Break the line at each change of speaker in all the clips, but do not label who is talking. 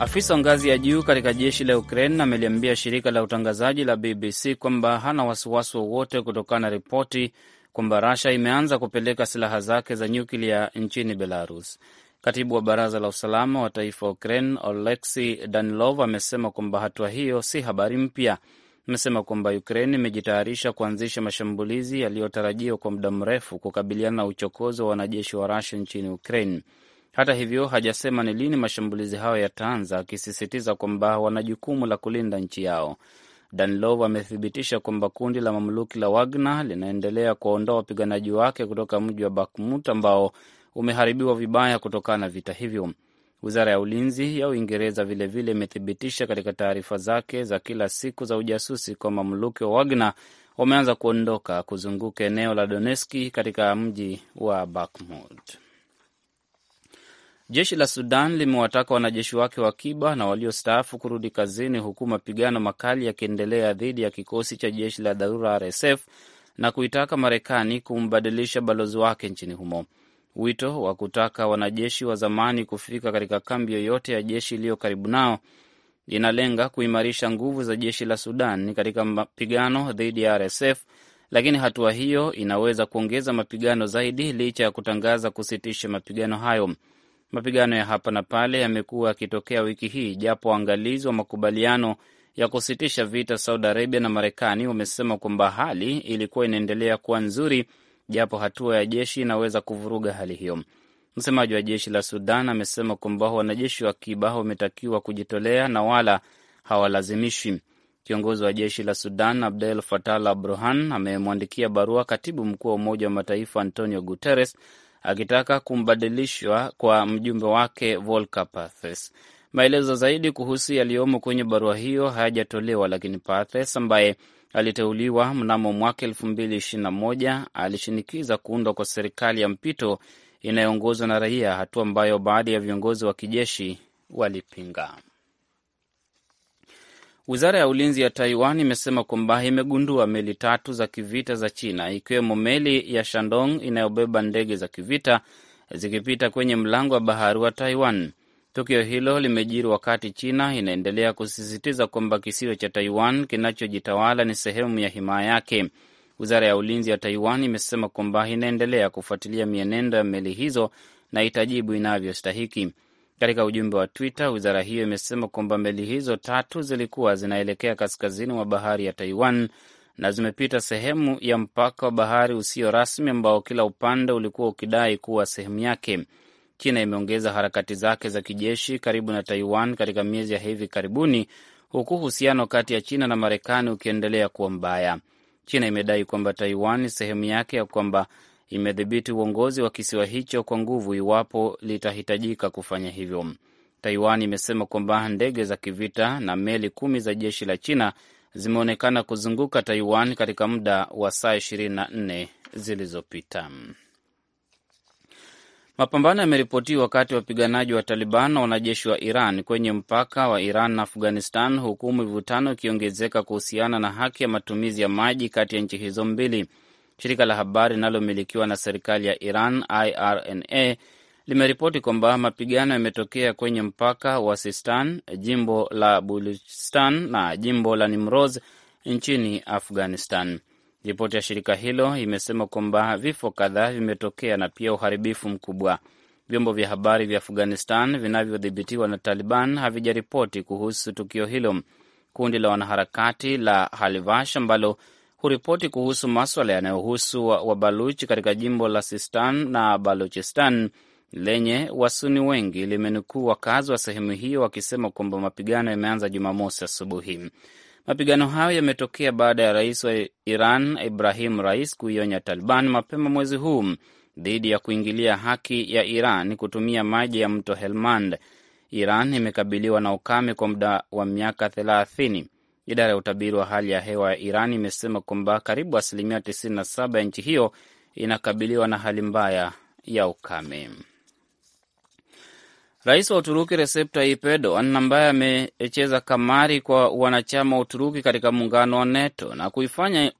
Afisa wa ngazi ya juu katika jeshi la Ukraine ameliambia shirika la utangazaji la BBC kwamba hana wasiwasi wowote kutokana na ripoti kwamba Rasha imeanza kupeleka silaha zake za nyuklia nchini Belarus. Katibu wa baraza la usalama wa taifa wa Ukraine Oleksi Danilov amesema kwamba hatua hiyo si habari mpya. Amesema kwamba Ukraine imejitayarisha kuanzisha mashambulizi yaliyotarajiwa kwa muda mrefu kukabiliana na uchokozi wa wanajeshi wa Rasha nchini Ukraine. Hata hivyo hajasema ni lini mashambulizi hayo yataanza, akisisitiza kwamba wana jukumu la kulinda nchi yao. Danlov amethibitisha kwamba kundi la mamluki la Wagner linaendelea kuwaondoa wapiganaji wake kutoka mji wa Bakhmut ambao umeharibiwa vibaya kutokana na vita hivyo. Wizara ya ulinzi ya Uingereza vilevile imethibitisha katika taarifa zake za kila siku za ujasusi kwa mamluki wa Wagner wameanza kuondoka kuzunguka eneo la doneski katika mji wa Bakhmut. Jeshi la Sudan limewataka wanajeshi wake wa akiba na waliostaafu kurudi kazini, huku mapigano makali yakiendelea dhidi ya kikosi cha jeshi la dharura RSF na kuitaka Marekani kumbadilisha balozi wake nchini humo. Wito wa kutaka wanajeshi wa zamani kufika katika kambi yoyote ya jeshi iliyo karibu nao inalenga kuimarisha nguvu za jeshi la Sudan katika mapigano dhidi ya RSF, lakini hatua hiyo inaweza kuongeza mapigano zaidi licha ya kutangaza kusitisha mapigano hayo. Mapigano ya hapa na pale yamekuwa yakitokea wiki hii, japo waangalizi wa makubaliano ya kusitisha vita Saudi Arabia na Marekani wamesema kwamba hali ilikuwa inaendelea kuwa nzuri, japo hatua ya jeshi inaweza kuvuruga hali hiyo. Msemaji wa jeshi la Sudan amesema kwamba wanajeshi wa akiba wametakiwa kujitolea na wala hawalazimishwi. Kiongozi wa jeshi la Sudan Abdel Fattah al-Burhan amemwandikia barua katibu mkuu wa Umoja wa Mataifa Antonio Guterres akitaka kumbadilishwa kwa mjumbe wake Volker Perthes. Maelezo zaidi kuhusu yaliyomo kwenye barua hiyo hayajatolewa, lakini Perthes ambaye aliteuliwa mnamo mwaka elfu mbili ishirini na moja alishinikiza kuundwa kwa serikali ya mpito inayoongozwa na raia, hatua ambayo baadhi ya viongozi wa kijeshi walipinga. Wizara ya ulinzi ya Taiwan imesema kwamba imegundua meli tatu za kivita za China, ikiwemo meli ya Shandong inayobeba ndege za kivita zikipita kwenye mlango wa bahari wa Taiwan. Tukio hilo limejiri wakati China inaendelea kusisitiza kwamba kisiwa cha Taiwan kinachojitawala ni sehemu ya himaya yake. Wizara ya ulinzi ya Taiwan imesema kwamba inaendelea kufuatilia mienendo ya meli hizo na itajibu inavyostahiki. Katika ujumbe wa Twitter, wizara hiyo imesema kwamba meli hizo tatu zilikuwa zinaelekea kaskazini mwa bahari ya Taiwan na zimepita sehemu ya mpaka wa bahari usio rasmi ambao kila upande ulikuwa ukidai kuwa sehemu yake. China imeongeza harakati zake za kijeshi karibu na Taiwan katika miezi ya hivi karibuni, huku uhusiano kati ya China na Marekani ukiendelea kuwa mbaya. China imedai kwamba Taiwan ni sehemu yake ya kwamba imedhibiti uongozi wa kisiwa hicho kwa nguvu iwapo litahitajika kufanya hivyo. Taiwan imesema kwamba ndege za kivita na meli kumi za jeshi la China zimeonekana kuzunguka Taiwan katika muda wa saa 24 zilizopita. Mapambano yameripotiwa wakati wapiganaji wa Taliban na wanajeshi wa Iran kwenye mpaka wa Iran na Afghanistan, huku mivutano ikiongezeka kuhusiana na haki ya matumizi ya maji kati ya nchi hizo mbili. Shirika la habari linalomilikiwa na serikali ya Iran, IRNA, limeripoti kwamba mapigano yametokea kwenye mpaka wa Sistan, jimbo la Bulistan na jimbo la Nimroz nchini Afghanistan. Ripoti ya shirika hilo imesema kwamba vifo kadhaa vimetokea na pia uharibifu mkubwa. Vyombo vya habari vya Afghanistan vinavyodhibitiwa na Taliban havijaripoti kuhusu tukio hilo. Kundi la wanaharakati la Halivash ambalo huripoti kuhusu maswala yanayohusu Wabaluchi wa katika jimbo la Sistan na Baluchistan lenye Wasuni wengi limenukuu wakazi wa sehemu hiyo wakisema kwamba mapigano yameanza Jumamosi asubuhi. Mapigano hayo yametokea baada ya rais wa Iran Ibrahim Rais kuionya Taliban mapema mwezi huu dhidi ya kuingilia haki ya Iran kutumia maji ya mto Helmand. Iran imekabiliwa na ukame kwa muda wa miaka thelathini. Idara ya utabiri wa hali ya hewa ya Iran imesema kwamba karibu asilimia 97 ya nchi hiyo inakabiliwa na hali mbaya ya ukame. Rais wa Uturuki Recep Tayyip Erdogan, ambaye amecheza kamari kwa wanachama wa Uturuki katika muungano wa NATO na kuifanya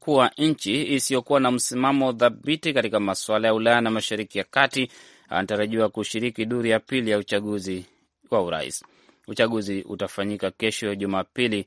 kuwa nchi isiyokuwa na msimamo dhabiti katika masuala ya Ulaya na Mashariki ya Kati, anatarajiwa kushiriki duru ya pili ya uchaguzi wa urais. Uchaguzi utafanyika kesho Jumapili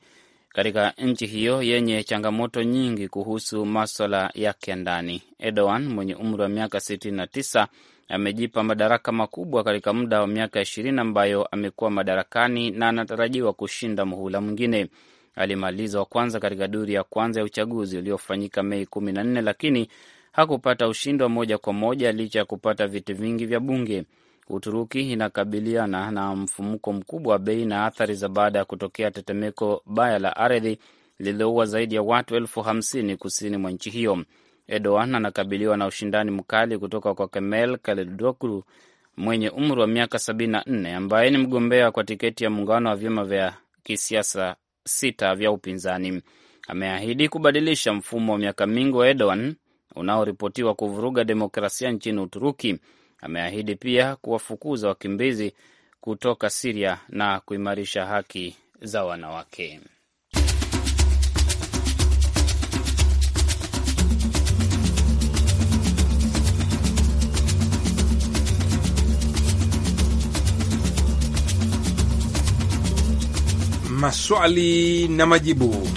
katika nchi hiyo yenye changamoto nyingi kuhusu maswala yake ya ndani. Erdogan mwenye umri wa miaka 69 amejipa madaraka makubwa katika muda wa miaka ishirini ambayo amekuwa madarakani na anatarajiwa kushinda muhula mwingine. Alimaliza wa kwanza katika duri ya kwanza ya uchaguzi uliofanyika Mei kumi lakini hakupata ushindi wa moja kwa moja licha ya kupata viti vingi vya bunge. Uturuki inakabiliana na mfumuko mkubwa wa bei na athari za baada ya kutokea tetemeko baya la ardhi lililoua zaidi ya watu elfu hamsini kusini mwa nchi hiyo. Erdogan anakabiliwa na ushindani mkali kutoka kwa Kemel Kılıçdaroğlu mwenye umri wa miaka 74 ambaye ni mgombea kwa tiketi ya muungano wa vyama vya kisiasa sita vya upinzani. Ameahidi kubadilisha mfumo wa miaka mingi wa Erdogan unaoripotiwa kuvuruga demokrasia nchini Uturuki Ameahidi pia kuwafukuza wakimbizi kutoka Siria na kuimarisha haki za wanawake.
Maswali na majibu.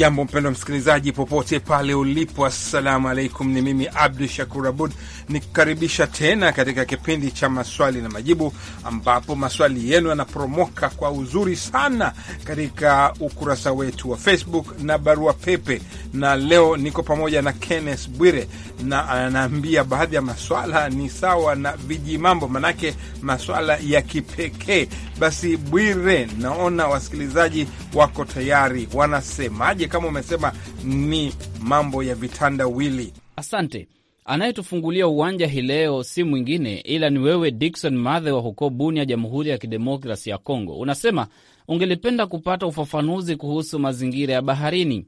Hujambo mpendwa msikilizaji, popote pale ulipo, assalamu alaikum. Ni mimi Abdu Shakur Abud nikukaribisha tena katika kipindi cha maswali na majibu, ambapo maswali yenu yanaporomoka kwa uzuri sana katika ukurasa wetu wa Facebook na barua pepe. Na leo niko pamoja na Kenneth Bwire na anaambia baadhi ya maswala ni sawa na viji mambo, manake maswala ya kipekee. Basi Bwire, naona wasikilizaji wako tayari, wanasemaje? Kama umesema ni mambo ya vitanda wili Asante. Anayetufungulia uwanja hii leo si mwingine ila ni
wewe dikson Mathe wa huko Bunia, Jamhuri ya Kidemokrasi ya Kongo. Unasema ungelipenda kupata ufafanuzi kuhusu mazingira ya baharini.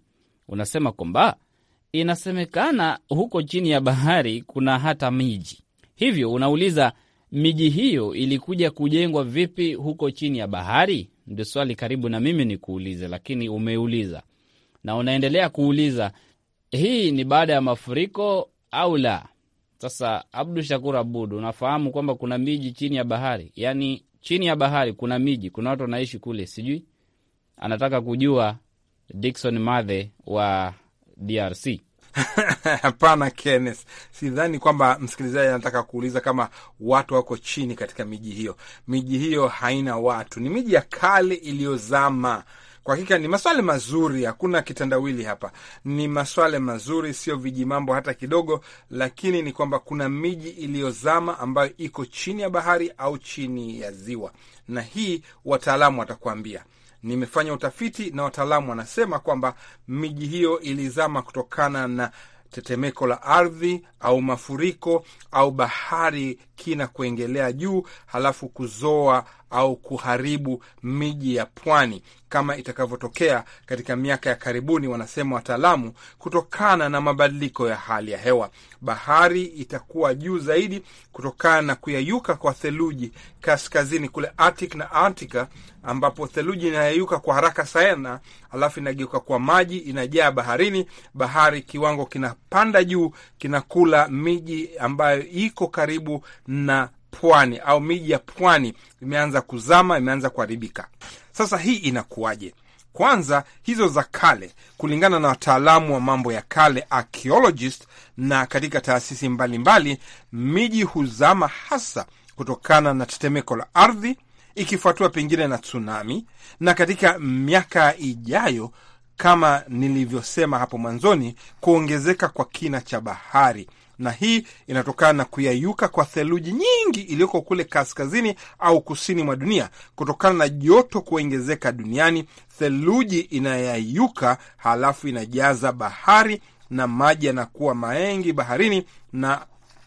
Unasema kwamba inasemekana huko chini ya bahari kuna hata miji, hivyo unauliza miji hiyo ilikuja kujengwa vipi huko chini ya bahari? Ndio swali karibu na mimi ni kuulize, lakini umeuliza na unaendelea kuuliza. Hii ni baada ya mafuriko au la? Sasa Abdu Shakur Abud, unafahamu kwamba kuna miji chini ya bahari, yaani chini ya bahari kuna miji, kuna watu wanaishi kule. Sijui
anataka kujua dikson Mathe wa DRC. Hapana Kenneth, sidhani kwamba msikilizaji anataka kuuliza kama watu wako chini katika miji hiyo. Miji hiyo haina watu, ni miji ya kale iliyozama kwa hakika ni maswale mazuri, hakuna kitandawili hapa, ni maswale mazuri, sio vijimambo hata kidogo. Lakini ni kwamba kuna miji iliyozama ambayo iko chini ya bahari au chini ya ziwa, na hii wataalamu watakuambia. Nimefanya utafiti na wataalamu wanasema kwamba miji hiyo ilizama kutokana na tetemeko la ardhi au mafuriko au bahari kina kuengelea juu, halafu kuzoa au kuharibu miji ya pwani kama itakavyotokea katika miaka ya karibuni, wanasema wataalamu, kutokana na mabadiliko ya hali ya hewa. Bahari itakuwa juu zaidi kutokana na kuyayuka kwa theluji kaskazini kule Arctic na Antarctica, ambapo theluji inayayuka kwa haraka sana, alafu inageuka kwa maji, inajaa baharini. Bahari kiwango kinapanda juu, kinakula miji ambayo iko karibu na pwani au miji ya pwani imeanza kuzama, imeanza kuharibika. Sasa hii inakuwaje? Kwanza hizo za kale, kulingana na wataalamu wa mambo ya kale archaeologist, na katika taasisi mbalimbali, miji huzama hasa kutokana na tetemeko la ardhi, ikifuatiwa pengine na tsunami. Na katika miaka ijayo, kama nilivyosema hapo mwanzoni, kuongezeka kwa kina cha bahari na hii inatokana na kuyayuka kwa theluji nyingi iliyoko kule kaskazini au kusini mwa dunia. Kutokana na joto kuongezeka duniani, theluji inayayuka halafu inajaza bahari na maji yanakuwa maengi baharini na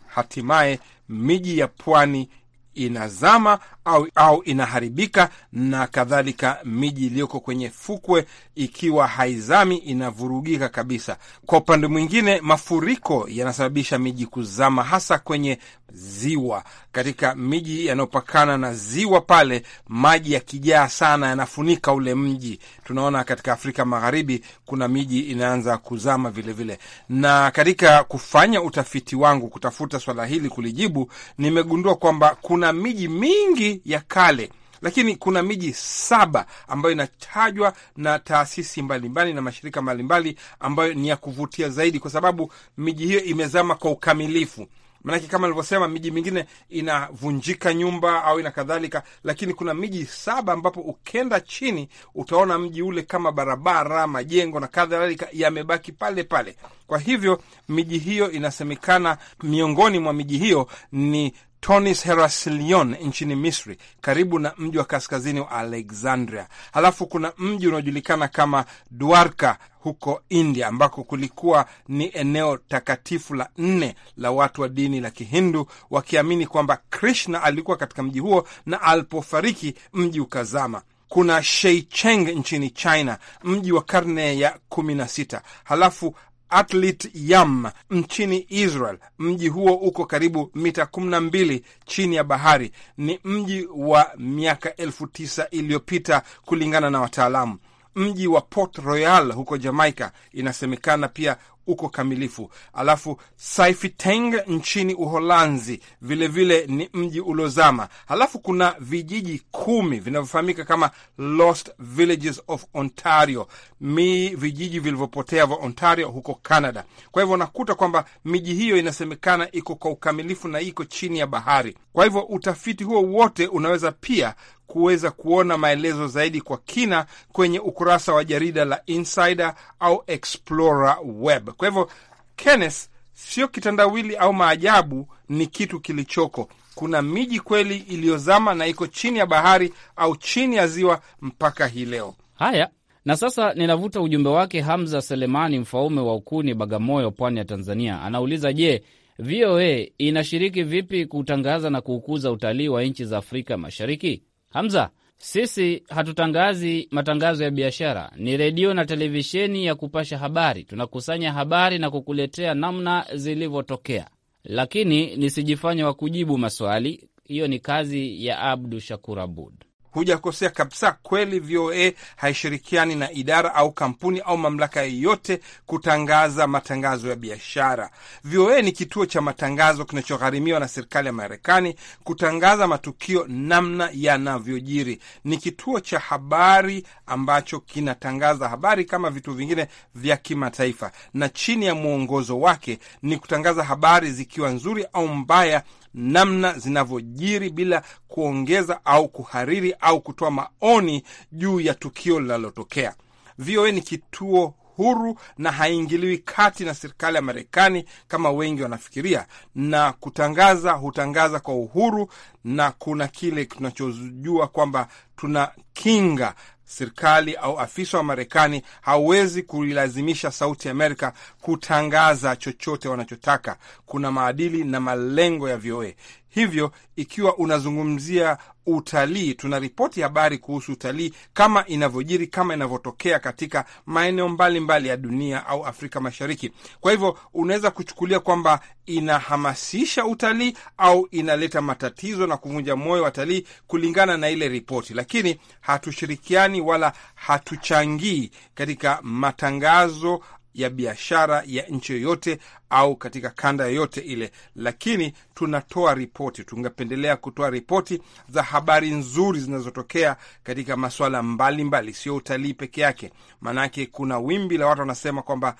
hatimaye miji ya pwani inazama au, au inaharibika na kadhalika. Miji iliyoko kwenye fukwe ikiwa haizami inavurugika kabisa. Kwa upande mwingine, mafuriko yanasababisha miji kuzama, hasa kwenye ziwa. Katika miji yanayopakana na ziwa pale, maji yakijaa sana yanafunika ule mji. Tunaona katika Afrika Magharibi kuna miji inaanza kuzama vilevile vile. Na katika kufanya utafiti wangu kutafuta swala hili kulijibu, nimegundua kwamba kuna kuna miji mingi ya kale lakini kuna miji saba ambayo inatajwa na taasisi mbalimbali mbali na mashirika mbalimbali ambayo ni ya kuvutia zaidi, kwa sababu miji hiyo imezama kwa ukamilifu. Maanake kama livyosema miji mingine inavunjika nyumba au ina kadhalika, lakini kuna miji saba ambapo ukenda chini utaona mji ule kama barabara, majengo na kadhalika yamebaki pale pale. Kwa hivyo miji hiyo inasemekana, miongoni mwa miji hiyo ni Tonis Herasilion nchini Misri, karibu na mji wa kaskazini wa Alexandria. Halafu kuna mji unaojulikana kama Dwarka huko India, ambako kulikuwa ni eneo takatifu la nne la watu wa dini la Kihindu, wakiamini kwamba Krishna alikuwa katika mji huo na alipofariki mji ukazama. Kuna Sheicheng nchini China, mji wa karne ya kumi na sita. Halafu Atlit Yam nchini Israel. Mji huo uko karibu mita kumi na mbili chini ya bahari. Ni mji wa miaka elfu tisa iliyopita kulingana na wataalamu. Mji wa Port Royal huko Jamaica inasemekana pia uko kamilifu. Alafu Saifiteng nchini Uholanzi vilevile vile ni mji uliozama. alafu kuna vijiji kumi vinavyofahamika kama Lost Villages of Ontario, mi vijiji vilivyopotea vya Ontario huko Canada. Kwa hivyo unakuta kwamba miji hiyo inasemekana iko kwa ukamilifu na iko chini ya bahari. Kwa hivyo utafiti huo wote unaweza pia kuweza kuona maelezo zaidi kwa kina kwenye ukurasa wa jarida la Insider au Explorer Web. Kwa hivyo, Kenneth, sio kitandawili au maajabu, ni kitu kilichoko. Kuna miji kweli iliyozama na iko chini ya bahari au chini ya ziwa mpaka hii leo.
Haya, na sasa ninavuta ujumbe wake Hamza Selemani, mfaume wa Ukuni, Bagamoyo, pwani ya Tanzania. Anauliza, je, VOA inashiriki vipi kutangaza na kuukuza utalii wa nchi za Afrika Mashariki? Hamza, sisi hatutangazi matangazo ya biashara, ni redio na televisheni ya kupasha habari. Tunakusanya habari na kukuletea namna zilivyotokea, lakini nisijifanya wa kujibu maswali.
Hiyo ni kazi ya Abdu Shakur Abud. Hujakosea kabisa. Kweli VOA haishirikiani na idara au kampuni au mamlaka yoyote kutangaza matangazo ya biashara. VOA ni kituo cha matangazo kinachogharimiwa na serikali ya Marekani kutangaza matukio namna yanavyojiri. Ni kituo cha habari ambacho kinatangaza habari kama vitu vingine vya kimataifa, na chini ya mwongozo wake ni kutangaza habari zikiwa nzuri au mbaya namna zinavyojiri bila kuongeza au kuhariri au kutoa maoni juu ya tukio linalotokea. VOA ni kituo huru na haingiliwi kati na serikali ya Marekani kama wengi wanafikiria, na kutangaza hutangaza kwa uhuru, na kuna kile tunachojua kwamba tuna kinga serikali au afisa wa Marekani hawezi kuilazimisha Sauti Amerika kutangaza chochote wanachotaka. Kuna maadili na malengo ya VOA. Hivyo ikiwa unazungumzia utalii, tuna ripoti habari kuhusu utalii kama inavyojiri, kama inavyotokea katika maeneo mbalimbali ya dunia au Afrika Mashariki. Kwa hivyo unaweza kuchukulia kwamba inahamasisha utalii au inaleta matatizo na kuvunja moyo watalii kulingana na ile ripoti, lakini hatushirikiani wala hatuchangii katika matangazo ya biashara ya nchi yoyote au katika kanda yoyote ile, lakini tunatoa ripoti. Tungependelea kutoa ripoti za habari nzuri zinazotokea katika masuala mbalimbali, sio utalii peke yake, maanake kuna wimbi la watu wanasema kwamba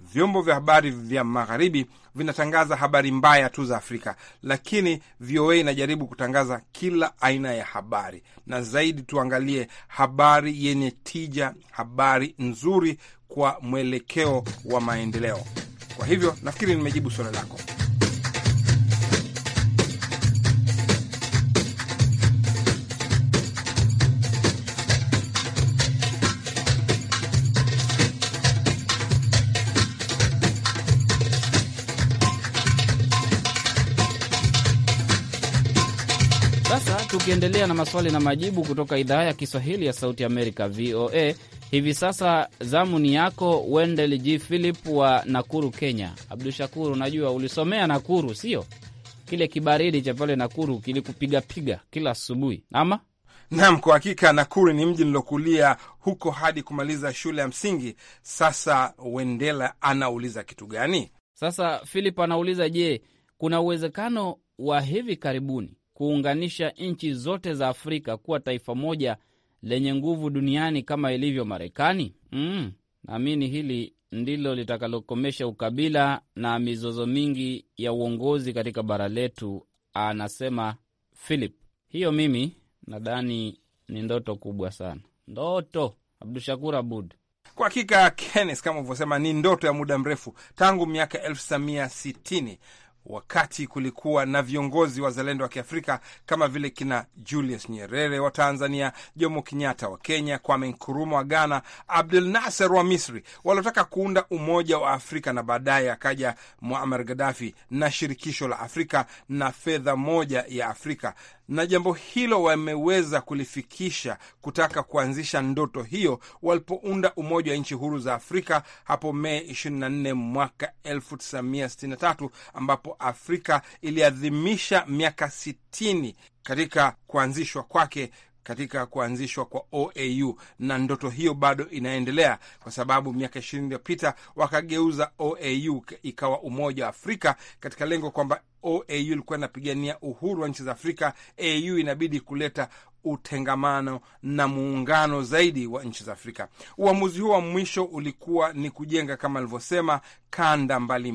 vyombo vya habari vya magharibi vinatangaza habari mbaya tu za Afrika, lakini VOA inajaribu kutangaza kila aina ya habari, na zaidi tuangalie habari yenye tija, habari nzuri kwa mwelekeo wa maendeleo. Kwa hivyo nafikiri nimejibu swala lako.
tukiendelea na maswali na majibu kutoka idhaa ya Kiswahili ya Sauti Amerika, VOA. Hivi sasa zamu ni yako Wendel G Philip wa Nakuru, Kenya. Abdu Shakur, unajua ulisomea Nakuru, sio? Kile kibaridi cha pale Nakuru
kilikupigapiga kila asubuhi, ama? Naam, kwa hakika Nakuru ni mji nilokulia huko hadi kumaliza shule ya msingi. Sasa Wendela anauliza kitu gani? Sasa Philip anauliza, je, kuna uwezekano wa hivi karibuni
kuunganisha nchi zote za Afrika kuwa taifa moja lenye nguvu duniani kama ilivyo Marekani? Mm, naamini hili ndilo litakalokomesha ukabila na mizozo mingi ya uongozi katika bara letu, anasema Philip. Hiyo mimi nadhani ni ndoto kubwa sana, ndoto
Abdushakur Abud. Kwa hakika Kenneth, kama ulivyosema, ni ndoto ya muda mrefu tangu miaka sitini wakati kulikuwa na viongozi wazalendo wa Kiafrika kama vile kina Julius Nyerere wa Tanzania, Jomo Kenyatta wa Kenya, Kwame Nkrumah wa Ghana, Abdul Nasser wa Misri, waliotaka kuunda umoja wa Afrika na baadaye akaja Muammar Gaddafi na shirikisho la Afrika na fedha moja ya Afrika na jambo hilo wameweza kulifikisha, kutaka kuanzisha ndoto hiyo walipounda umoja wa nchi huru za Afrika hapo Mei 24 mwaka 1963 ambapo Afrika iliadhimisha miaka sitini katika kuanzishwa kwake katika kuanzishwa kwa OAU na ndoto hiyo bado inaendelea, kwa sababu miaka ishirini iliyopita wakageuza OAU ikawa Umoja wa Afrika katika lengo kwamba OAU ilikuwa inapigania uhuru wa nchi za Afrika. AU inabidi kuleta utengamano na muungano zaidi wa nchi za Afrika. Uamuzi huo wa mwisho ulikuwa ni kujenga kama alivyosema kanda mbalimbali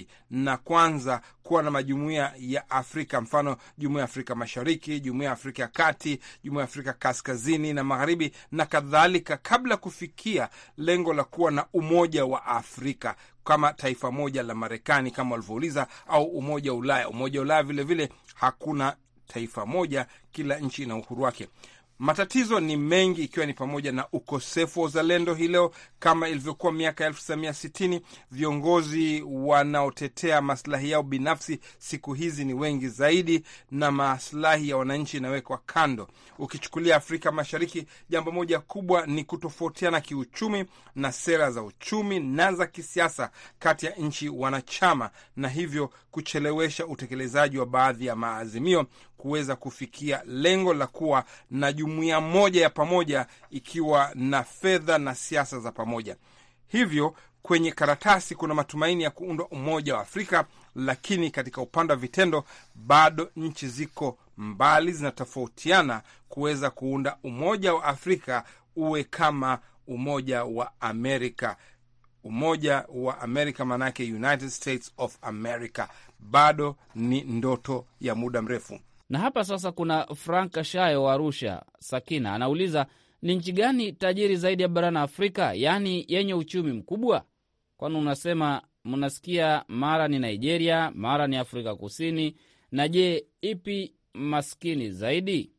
mbali, na kwanza kuwa na majumuiya ya Afrika, mfano jumuiya ya Afrika Mashariki, jumuiya ya Afrika ya Kati, jumuiya ya Afrika Kaskazini na Magharibi na kadhalika, kabla kufikia lengo la kuwa na umoja wa Afrika kama taifa moja la Marekani kama walivyouliza, au umoja wa Ulaya. Umoja wa Ulaya vilevile hakuna taifa moja, kila nchi ina uhuru wake. Matatizo ni mengi, ikiwa ni pamoja na ukosefu wa uzalendo hii leo kama ilivyokuwa miaka 1960. Viongozi wanaotetea maslahi yao binafsi siku hizi ni wengi zaidi, na maslahi ya wananchi inawekwa kando. Ukichukulia Afrika Mashariki, jambo moja kubwa ni kutofautiana kiuchumi na sera za uchumi na za kisiasa kati ya nchi wanachama, na hivyo kuchelewesha utekelezaji wa baadhi ya maazimio kuweza kufikia lengo la kuwa na jumuiya moja ya pamoja ikiwa na fedha na siasa za pamoja. Hivyo kwenye karatasi kuna matumaini ya kuundwa umoja wa Afrika, lakini katika upande wa vitendo bado nchi ziko mbali, zinatofautiana kuweza kuunda umoja wa Afrika uwe kama umoja wa Amerika. Umoja wa Amerika maanake United States of America bado ni ndoto ya muda mrefu. Na hapa
sasa kuna Frank Shayo wa Arusha. Sakina anauliza ni nchi gani tajiri zaidi ya barani Afrika, yaani yenye uchumi mkubwa? Kwani unasema mnasikia mara ni Nigeria, mara ni Afrika Kusini, na je, ipi maskini zaidi?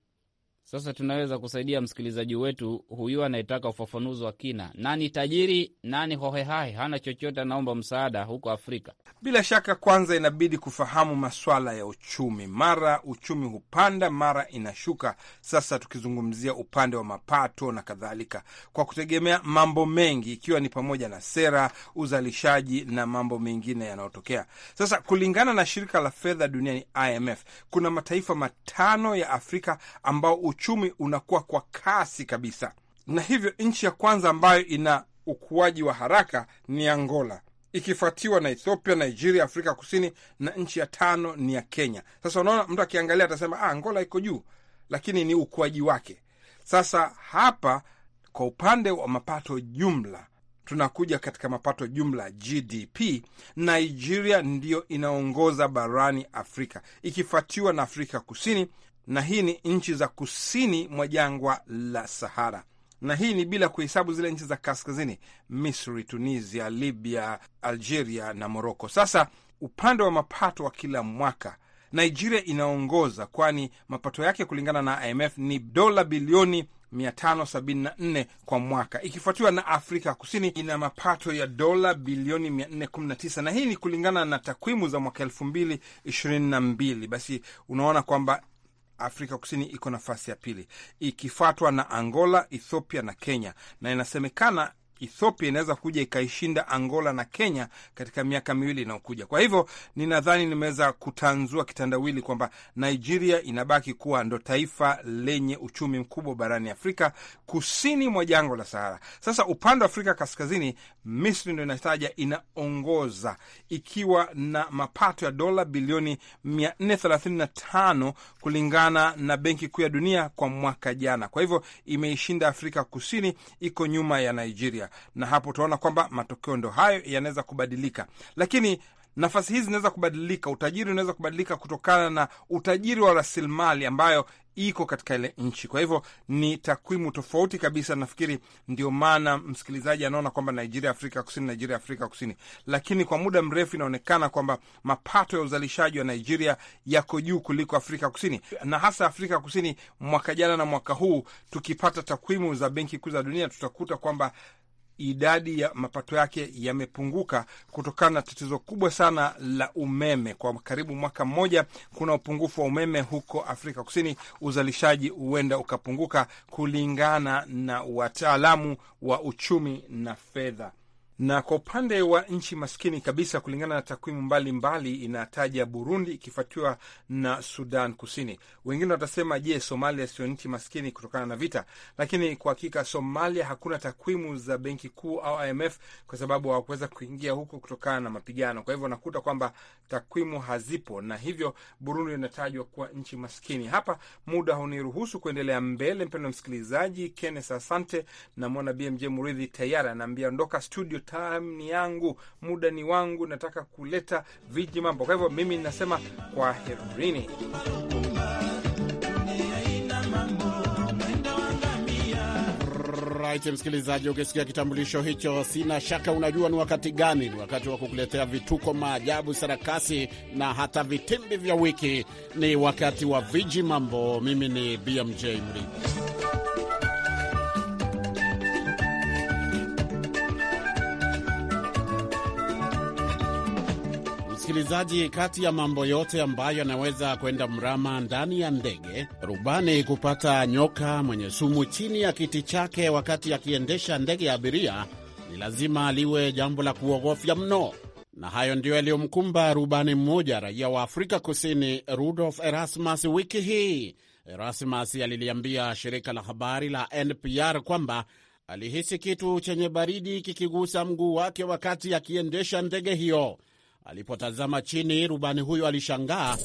Sasa tunaweza kusaidia msikilizaji wetu huyu anayetaka ufafanuzi wa kina. Nani tajiri, nani hohehahe, hana chochote, anaomba msaada huko Afrika?
Bila shaka, kwanza inabidi kufahamu maswala ya uchumi. Mara uchumi hupanda, mara inashuka. Sasa tukizungumzia upande wa mapato na kadhalika, kwa kutegemea mambo mengi, ikiwa ni pamoja na sera, uzalishaji na mambo mengine yanayotokea. Sasa kulingana na shirika la fedha duniani IMF, kuna mataifa matano ya Afrika ambao uchumi unakuwa kwa kasi kabisa, na hivyo nchi ya kwanza ambayo ina ukuaji wa haraka ni Angola, ikifuatiwa na Ethiopia, Nigeria, Afrika Kusini, na nchi ya tano ni ya Kenya. Sasa unaona, mtu akiangalia atasema ah, Angola iko juu, lakini ni ukuaji wake. Sasa hapa kwa upande wa mapato jumla, tunakuja katika mapato jumla GDP, Nigeria ndiyo inaongoza barani Afrika, ikifuatiwa na Afrika Kusini na hii ni nchi za kusini mwa jangwa la Sahara, na hii ni bila kuhesabu zile nchi za kaskazini: Misri, Tunisia, Libya, Algeria na Moroko. Sasa upande wa mapato wa kila mwaka Nigeria inaongoza, kwani mapato yake kulingana na IMF ni dola bilioni 574 kwa mwaka, ikifuatiwa na Afrika Kusini ina mapato ya dola bilioni 419, na hii ni kulingana na takwimu za mwaka 2022. Basi unaona kwamba Afrika Kusini iko nafasi ya pili ikifuatwa na Angola, Ethiopia na Kenya, na inasemekana Ethiopia inaweza kuja ikaishinda Angola na Kenya katika miaka miwili inayokuja. Kwa hivyo ninadhani nimeweza kutanzua kitandawili kwamba Nigeria inabaki kuwa ndo taifa lenye uchumi mkubwa barani Afrika kusini mwa jangwa la Sahara. Sasa upande wa Afrika kaskazini, Misri ndo inataja inaongoza ikiwa na mapato ya dola bilioni 435 kulingana na Benki Kuu ya Dunia kwa mwaka jana. Kwa hivyo imeishinda Afrika Kusini, iko nyuma ya Nigeria na hapo utaona kwamba matokeo ndo hayo yanaweza kubadilika, lakini nafasi hizi zinaweza kubadilika, utajiri unaweza kubadilika kutokana na utajiri wa rasilimali ambayo iko katika ile nchi. Kwa hivyo ni takwimu tofauti kabisa. Nafikiri ndio maana msikilizaji anaona kwamba Nigeria, Afrika Kusini, Nigeria, Afrika Kusini, lakini kwa muda mrefu inaonekana kwamba mapato ya uzalishaji wa Nigeria yako juu kuliko Afrika Kusini, na hasa Afrika Kusini mwaka jana na mwaka huu. Tukipata takwimu za Benki Kuu za Dunia tutakuta kwamba idadi ya mapato yake yamepunguka kutokana na tatizo kubwa sana la umeme. Kwa karibu mwaka mmoja, kuna upungufu wa umeme huko Afrika Kusini. Uzalishaji huenda ukapunguka, kulingana na wataalamu wa uchumi na fedha. Na kwa upande wa nchi maskini kabisa, kulingana na takwimu mbalimbali, inataja Burundi ikifuatiwa na Sudan Kusini. Wengine watasema je, Somalia sio nchi maskini kutokana na vita? Lakini kwa hakika Somalia hakuna takwimu za Benki Kuu au IMF kwa sababu hawakuweza kuingia huko kutokana na mapigano. Kwa hivyo nakuta kwamba takwimu hazipo, na hivyo Burundi inatajwa kuwa nchi maskini. Hapa muda huniruhusu kuendelea mbele, mpendwa msikilizaji. Kenneth, asante. Namwona BMJ Muridhi tayari anaambia ondoka studio time ni yangu, muda ni wangu, nataka kuleta viji mambo. Kwa hivyo mimi ninasema kwa herini.
Right, msikilizaji, ukisikia kitambulisho hicho, sina shaka unajua ni wakati gani. Ni wakati wa kukuletea vituko, maajabu, sarakasi na hata vitimbi vya wiki. Ni wakati wa viji mambo. Mimi ni BMJ mrii msikilizaji, kati ya mambo yote ambayo yanaweza kwenda mrama ndani ya ndege, rubani kupata nyoka mwenye sumu chini ya kiti chake wakati akiendesha ndege ya abiria ni lazima liwe jambo la kuogofya mno, na hayo ndiyo yaliyomkumba rubani mmoja, raia wa Afrika Kusini, Rudolf Erasmus wiki hii. Erasmus aliliambia shirika la habari la NPR kwamba alihisi kitu chenye baridi kikigusa mguu wake wakati akiendesha ndege hiyo. Alipotazama chini, rubani huyo alishangaa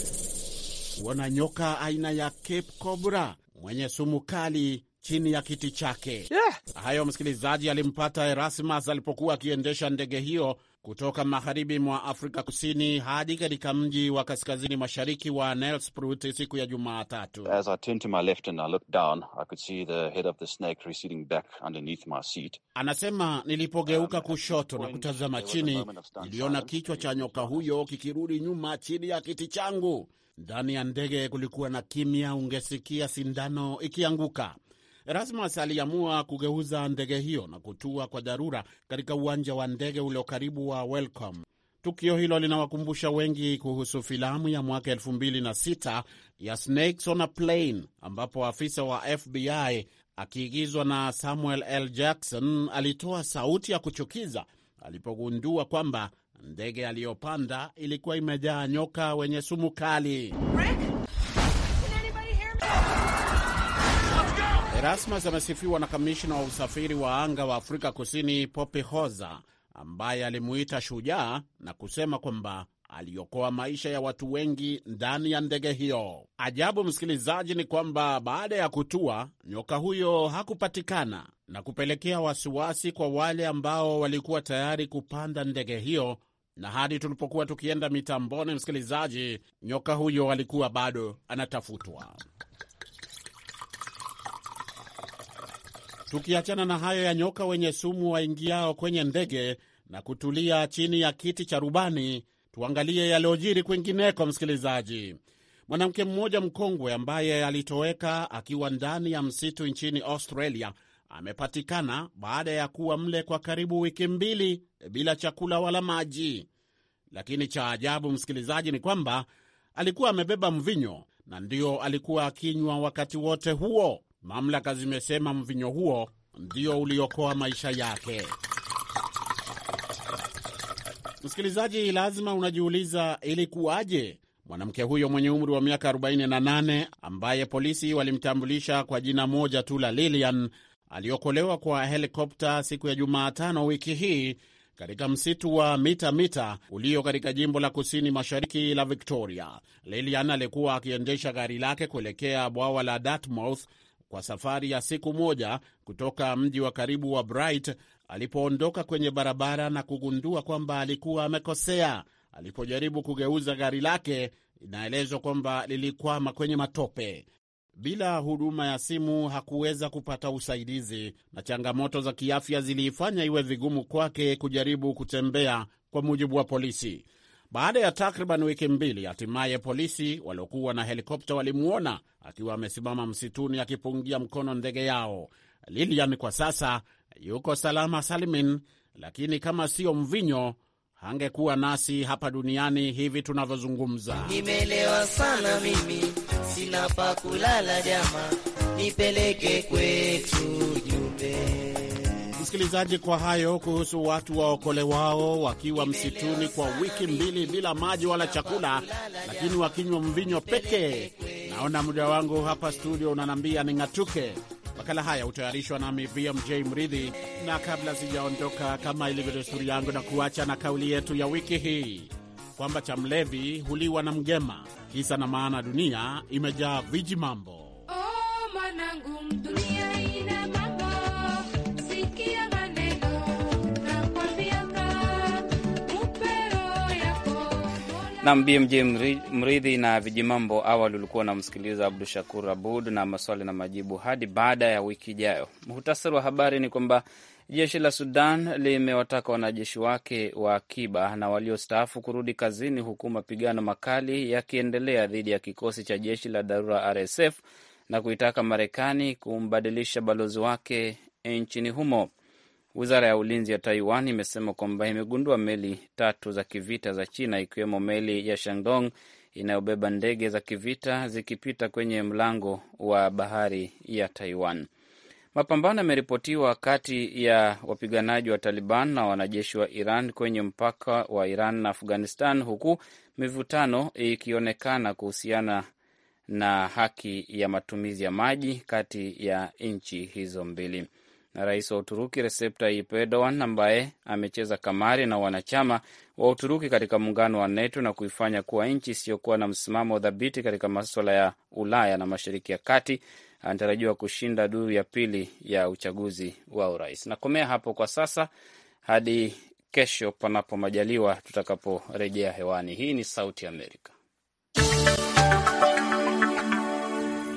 kuona nyoka aina ya Cape Cobra mwenye sumu kali chini ya kiti chake. Yeah. Hayo msikilizaji, alimpata Erasmus alipokuwa akiendesha ndege hiyo kutoka magharibi mwa Afrika Kusini hadi katika mji wa kaskazini mashariki wa Nelspruit siku ya Jumatatu. Anasema, nilipogeuka kushoto na kutazama chini, niliona kichwa cha nyoka huyo kikirudi nyuma chini ya kiti changu. Ndani ya ndege kulikuwa na kimya, ungesikia sindano ikianguka. Erasmus aliamua kugeuza ndege hiyo na kutua kwa dharura katika uwanja wa ndege ulio karibu wa Welcome. Tukio hilo linawakumbusha wengi kuhusu filamu ya mwaka 2006 ya Snakes on a Plane, ambapo afisa wa FBI akiigizwa na Samuel L. Jackson alitoa sauti ya kuchukiza alipogundua kwamba ndege aliyopanda ilikuwa imejaa nyoka wenye sumu kali Rick? Erasmus amesifiwa na kamishina wa usafiri wa anga wa Afrika Kusini Popi Hoza ambaye alimuita shujaa na kusema kwamba aliokoa maisha ya watu wengi ndani ya ndege hiyo. Ajabu, msikilizaji, ni kwamba baada ya kutua nyoka huyo hakupatikana na kupelekea wasiwasi kwa wale ambao walikuwa tayari kupanda ndege hiyo, na hadi tulipokuwa tukienda mitamboni, msikilizaji, nyoka huyo alikuwa bado anatafutwa. Tukiachana na hayo ya nyoka wenye sumu waingiao kwenye ndege na kutulia chini ya kiti cha rubani, tuangalie yaliyojiri kwingineko, msikilizaji. Mwanamke mmoja mkongwe ambaye alitoweka akiwa ndani ya msitu nchini Australia amepatikana baada ya kuwa mle kwa karibu wiki mbili bila chakula wala maji. Lakini cha ajabu, msikilizaji, ni kwamba alikuwa amebeba mvinyo na ndio alikuwa akinywa wakati wote huo. Mamlaka zimesema mvinyo huo ndio uliokoa maisha yake. Msikilizaji, lazima unajiuliza ilikuwaje mwanamke huyo mwenye umri wa miaka 48 ambaye polisi walimtambulisha kwa jina moja tu la Lilian aliokolewa kwa helikopta siku ya Jumatano wiki hii katika msitu wa mita mita ulio katika jimbo la kusini mashariki la Victoria. Lilian alikuwa akiendesha gari lake kuelekea bwawa la Dartmouth kwa safari ya siku moja kutoka mji wa karibu wa Bright alipoondoka kwenye barabara na kugundua kwamba alikuwa amekosea. Alipojaribu kugeuza gari lake, inaelezwa kwamba lilikwama kwenye matope. Bila huduma ya simu hakuweza kupata usaidizi, na changamoto za kiafya ziliifanya iwe vigumu kwake kujaribu kutembea, kwa mujibu wa polisi. Baada ya takriban wiki mbili, hatimaye polisi waliokuwa na helikopta walimwona akiwa amesimama msituni akipungia mkono ndege yao. Lilian kwa sasa yuko salama salimin, lakini kama sio mvinyo hangekuwa nasi hapa duniani hivi tunavyozungumza.
Nimelewa sana mimi, sina pa kulala, jama, nipeleke kwetu
msikilizaji, kwa hayo kuhusu watu waokolewao wakiwa msituni kwa wiki mbili bila maji wala chakula, lakini wakinywa mvinyo pekee. Naona muda wangu hapa studio ni ning'atuke. Makala haya hutayarishwa nami VMJ Mridhi, na kabla sijaondoka, kama ilivyo desturi yangu, na kuacha na kauli yetu ya wiki hii kwamba cha mlevi huliwa na mgema. Kisa na maana, dunia imejaa viji mambo.
Oh, Nam BMJ Mridhi na Vijimambo. Awali ulikuwa unamsikiliza Abdu Shakur Abud na maswali na majibu hadi baada ya wiki ijayo. Muhtasari wa habari ni kwamba jeshi la Sudan limewataka wanajeshi wake wa akiba na waliostaafu kurudi kazini, huku mapigano makali yakiendelea dhidi ya kikosi cha jeshi la dharura RSF na kuitaka Marekani kumbadilisha balozi wake nchini humo. Wizara ya ulinzi ya Taiwan imesema kwamba imegundua meli tatu za kivita za China, ikiwemo meli ya Shandong inayobeba ndege za kivita zikipita kwenye mlango wa bahari ya Taiwan. Mapambano yameripotiwa kati ya wapiganaji wa Taliban na wanajeshi wa Iran kwenye mpaka wa Iran na Afghanistan, huku mivutano ikionekana kuhusiana na haki ya matumizi ya maji kati ya nchi hizo mbili na rais wa Uturuki Recep Tayyip Erdogan ambaye amecheza kamari na wanachama wa Uturuki katika muungano wa NATO na kuifanya kuwa nchi isiyokuwa na msimamo dhabiti katika maswala ya Ulaya na Mashariki ya Kati anatarajiwa kushinda duru ya pili ya uchaguzi wa urais. Nakomea hapo kwa sasa hadi kesho, panapo majaliwa, tutakaporejea hewani. Hii ni Sauti Amerika.